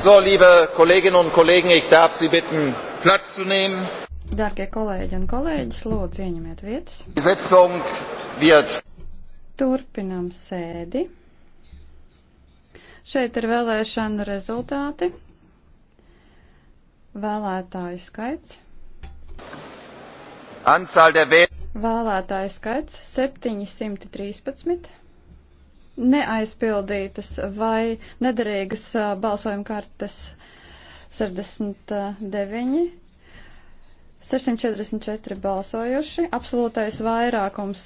So, liebe Kolleginnen und Kollegen, ich darf Sie bitten, Platz zu nehmen. Darbie kolēģi un kolēģis, lūdzu, ieņemiet vietas. Sitzung wird. Turpinam sēdi. Šeit ir vēlēšanu rezultāti. Vēlētāju skaits. Anzahl der Wähler. Vēlētāju skaits 713 neaizpildītas vai nederīgas balsojuma kartes 69. 644 balsojuši, absolūtais vairākums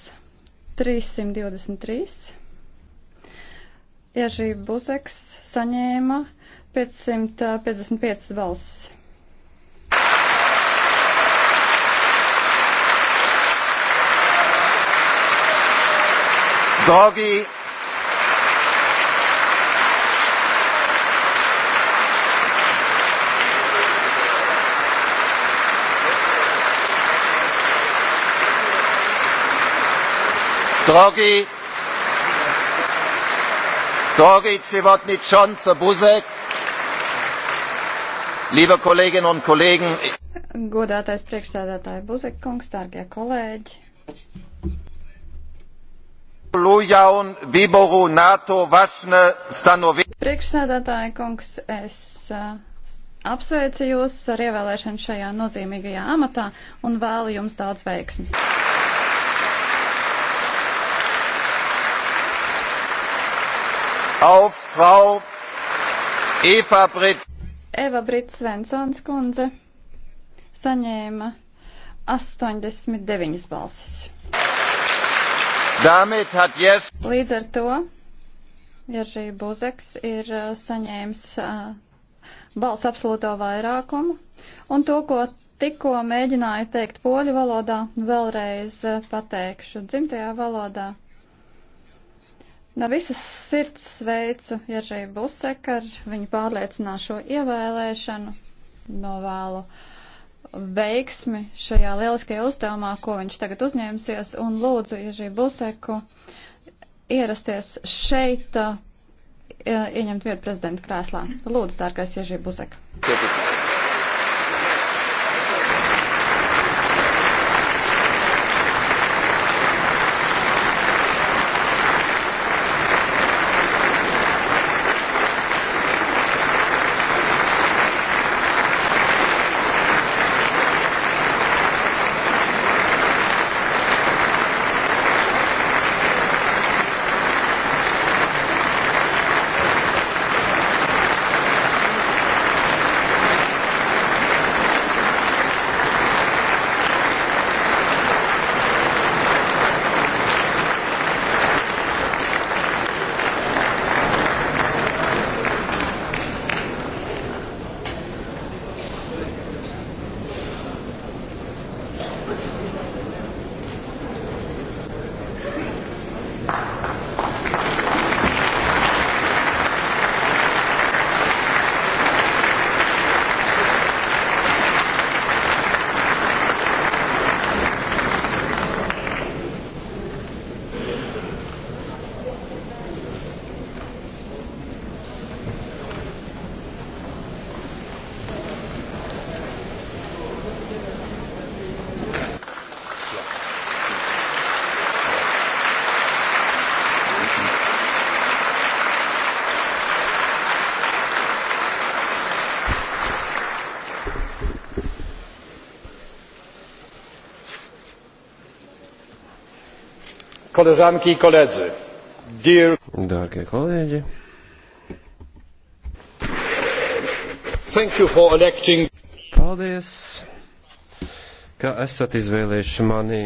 323. Iežī Buzeks saņēma 555 balss. Doggy Drogi, Drogi, Civotničonce, Buzek, liebe Kolleginnen un Kollegen. Godātais priekšstādātāja Buzek kungs, dārgie kolēģi. Lujaun, Viboru, NATO, Vašne, Stanovi. Priekšsēdētāja kungs, es uh, apsveicu jūs ar ievēlēšanu šajā nozīmīgajā amatā un vēlu jums daudz veiksmes. auf Frau Eva Britt. Eva Britt Svensons kundze saņēma 89 balsis. Damit hat jetzt. Līdz ar to Jerzy Buzeks ir uh, saņēmis uh, balsu absolūto vairākumu un to, ko tikko mēģināju teikt poļu valodā, vēlreiz uh, pateikšu dzimtajā valodā. No visas sirds sveicu Jeržai Busek ar viņu pārliecināšo ievēlēšanu. Novēlu veiksmi šajā lieliskajā uzdevumā, ko viņš tagad uzņēmsies, un lūdzu Jeržai Buseku ierasties šeit, uh, ieņemt vietu prezidenta krēslā. Lūdzu, dārgais Jeržai Busek. Tiet, tiet. Koleżanki i koledzy. Dear... Dārgie kolēģi. Thank you for electing. Paldies, ka esat izvēlējuši mani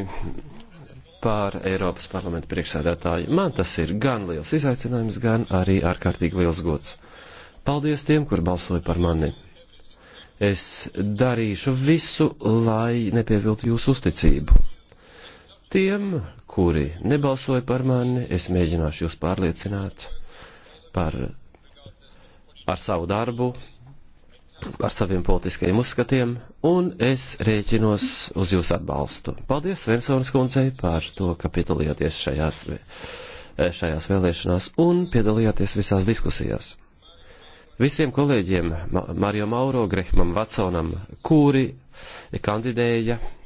par Eiropas parlamenta priekšsēdētāju. Man tas ir gan liels izaicinājums, gan arī ārkārtīgi liels gods. Paldies tiem, kur balsoja par mani. Es darīšu visu, lai nepieviltu jūsu uzticību. Tiem, kuri nebalsoja par mani, es mēģināšu jūs pārliecināt par, ar savu darbu, ar saviem politiskajiem uzskatiem, un es rēķinos uz jūsu atbalstu. Paldies Svensonas kundzei par to, ka piedalījāties šajās, šajās vēlēšanās un piedalījāties visās diskusijās. Visiem kolēģiem, Mario Mauro, Grehmam Vatsonam, kuri kandidēja